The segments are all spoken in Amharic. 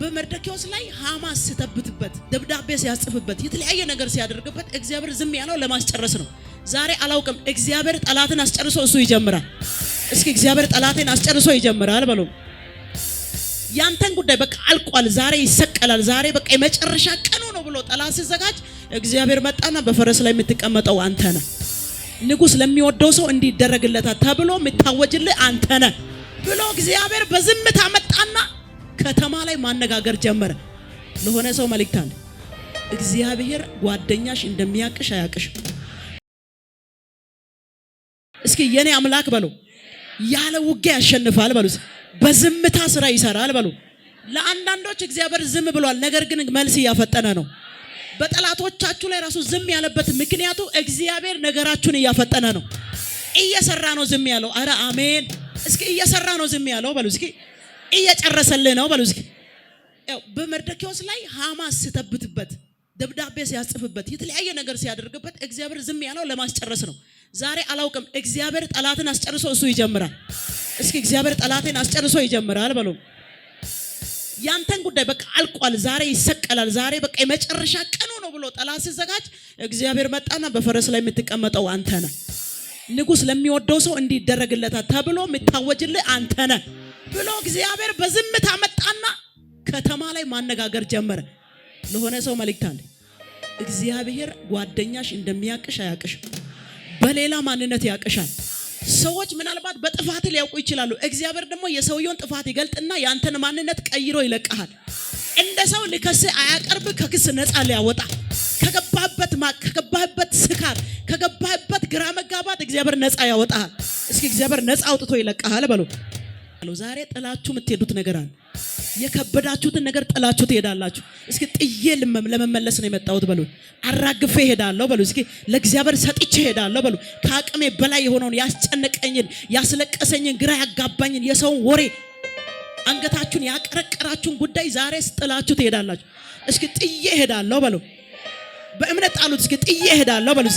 በመርደኪዎስ ላይ ሃማ ስተብትበት ደብዳቤ ሲያጽፍበት የተለያየ ነገር ሲያደርግበት እግዚአብሔር ዝም ያለው ለማስጨረስ ነው። ዛሬ አላውቅም፣ እግዚአብሔር ጠላትን አስጨርሶ እሱ ይጀምራል። እስኪ እግዚአብሔር ጠላትን አስጨርሶ ይጀምራል በሉ። ያንተን ጉዳይ በቃ አልቋል፣ ዛሬ ይሰቀላል፣ ዛሬ በቃ የመጨረሻ ቀኑ ነው ብሎ ጠላት ሲዘጋጅ እግዚአብሔር መጣና በፈረስ ላይ የምትቀመጠው አንተ ነህ። ንጉሥ ለሚወደው ሰው እንዲደረግለታል ተብሎ የምታወጅልህ አንተ ነህ ብሎ እግዚአብሔር በዝምታ ከተማ ላይ ማነጋገር ጀመረ። ለሆነ ሰው መልእክት አለ። እግዚአብሔር ጓደኛሽ እንደሚያቅሽ አያቅሽ። እስኪ የኔ አምላክ በሉ። ያለ ውጊያ ያሸንፋል በሉ። በዝምታ ስራ ይሰራል በሉ። ለአንዳንዶች እግዚአብሔር ዝም ብሏል፣ ነገር ግን መልስ እያፈጠነ ነው። በጠላቶቻችሁ ላይ ራሱ ዝም ያለበት ምክንያቱ እግዚአብሔር ነገራችሁን እያፈጠነ ነው። እየሰራ ነው ዝም ያለው። አረ አሜን። እስኪ እየሰራ ነው ዝም ያለው በሉ እስኪ እየጨረሰልህ ነው በሉ። እስኪ በመርደኪዎስ ላይ ሃማ ስተብትበት ደብዳቤ ሲያጽፍበት የተለያየ ነገር ሲያደርግበት እግዚአብሔር ዝም ያለው ለማስጨረስ ነው። ዛሬ አላውቅም፣ እግዚአብሔር ጠላትን አስጨርሶ እሱ ይጀምራል። እስኪ እግዚአብሔር ጠላትን አስጨርሶ ይጀምራል በሉ። ያንተን ጉዳይ በቃ አልቋል፣ ዛሬ ይሰቀላል፣ ዛሬ በቃ የመጨረሻ ቀኑ ነው ብሎ ጠላት ሲዘጋጅ እግዚአብሔር መጣና በፈረስ ላይ የምትቀመጠው አንተ ነህ። ንጉሥ ለሚወደው ሰው እንዲደረግለታል ተብሎ የምታወጅልህ አንተ ነህ። ብሎ እግዚአብሔር በዝምታ መጣና ከተማ ላይ ማነጋገር ጀመረ። ለሆነ ሰው መልእክት አለ። እግዚአብሔር ጓደኛሽ እንደሚያቅሽ አያቅሽም። በሌላ ማንነት ያቅሻል። ሰዎች ምናልባት በጥፋት ሊያውቁ ይችላሉ። እግዚአብሔር ደግሞ የሰውየውን ጥፋት ይገልጥና ያንተን ማንነት ቀይሮ ይለቀሃል። እንደ ሰው ልከስ አያቀርብ፣ ከክስ ነፃ ሊያወጣ ከገባህበት ማቅ፣ ከገባህበት ስካር፣ ከገባህበት ግራ መጋባት እግዚአብሔር ነፃ ያወጣሃል። እስኪ እግዚአብሔር ነፃ አውጥቶ ይለቀሃል በሉ። አለው። ዛሬ ጥላችሁ የምትሄዱት ነገር አለ። የከበዳችሁትን ነገር ጥላችሁ ትሄዳላችሁ። እስኪ ጥዬ ለመመለስ ነው የመጣሁት በሉ። አራግፌ እሄዳለሁ በሉ። እስኪ ለእግዚአብሔር ሰጥቼ እሄዳለሁ በሉ። ከአቅሜ በላይ የሆነውን ያስጨነቀኝን፣ ያስለቀሰኝን፣ ግራ ያጋባኝን የሰውን ወሬ አንገታችሁን ያቀረቀራችሁን ጉዳይ ዛሬ ጥላችሁ ትሄዳላችሁ። እስኪ ጥዬ እሄዳለሁ በሉ። በእምነት ጣሉት። እስኪ ጥዬ እሄዳለሁ በሉ።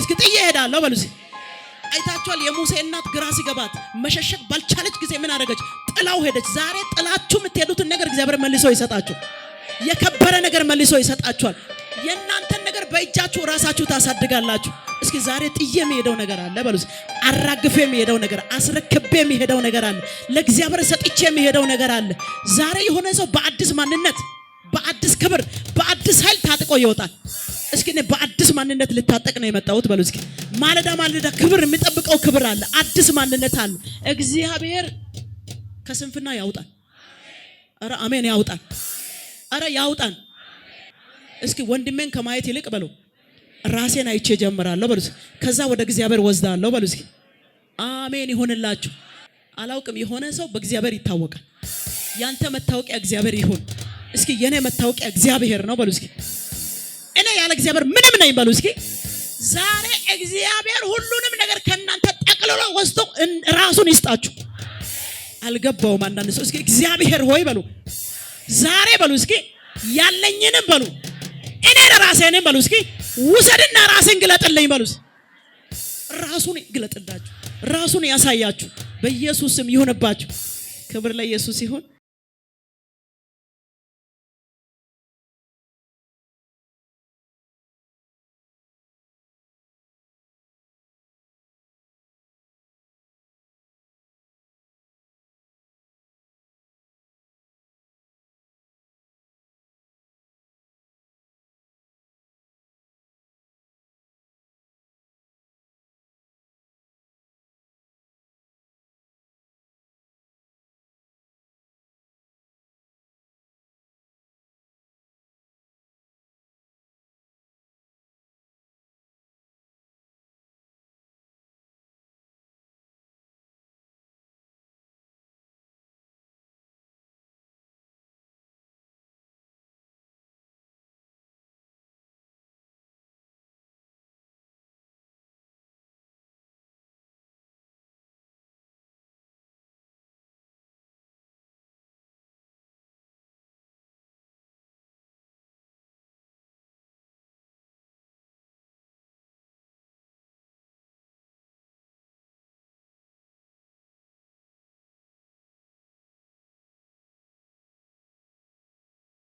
እስኪ ጥዬ እሄዳለሁ በሉ። አይታችኋል። የሙሴ እናት ግራ ሲገባት መሸሸግ ባልቻለች ጊዜ ምን አደረገች? ጥላው ሄደች። ዛሬ ጥላችሁ የምትሄዱትን ነገር እግዚአብሔር መልሶ ይሰጣችሁ። የከበረ ነገር መልሶ ይሰጣችኋል። የእናንተን ነገር በእጃችሁ ራሳችሁ ታሳድጋላችሁ። እስኪ ዛሬ ጥዬ የሚሄደው ነገር አለ በሉ። አራግፌ የሚሄደው ነገር፣ አስረክቤ የሚሄደው ነገር አለ። ለእግዚአብሔር ሰጥቼ የሚሄደው ነገር አለ። ዛሬ የሆነ ሰው በአዲስ ማንነት፣ በአዲስ ክብር፣ በአዲስ ኃይል ታጥቆ ይወጣል። እስኪ እኔ በአዲስ ማንነት ልታጠቅ ነው የመጣሁት በሉ እስኪ። ማለዳ ማለዳ ክብር የሚጠብቀው ክብር አለ፣ አዲስ ማንነት አለ። እግዚአብሔር ከስንፍና ያውጣን። አረ አሜን ያውጣን። አረ ያውጣን። እስኪ ወንድሜን ከማየት ይልቅ በሉ ራሴን አይቼ ጀምራለሁ በሉ ከዛ ወደ እግዚአብሔር ወስዳለሁ በሉ እስኪ። አሜን ይሆንላችሁ። አላውቅም የሆነ ሰው በእግዚአብሔር ይታወቃል። ያንተ መታወቂያ እግዚአብሔር ይሁን። እስኪ የኔ መታወቂያ እግዚአብሔር ነው በሉ እስኪ። ያለ እግዚአብሔር ምንም ነኝ በሉ እስኪ። ዛሬ እግዚአብሔር ሁሉንም ነገር ከእናንተ ጠቅልሎ ወስዶ ራሱን ይስጣችሁ። አልገባውም። አንዳንድ ሰው እስኪ እግዚአብሔር ሆይ በሉ ዛሬ በሉ እስኪ ያለኝንም በሉ እኔን ራሴንም በሉ እስኪ ውሰድና ራስን ግለጥልኝ በሉ። ራሱን ግለጥላችሁ፣ ራሱን ያሳያችሁ። በኢየሱስ ስም ይሁንባችሁ። ክብር ለኢየሱስ ይሁን።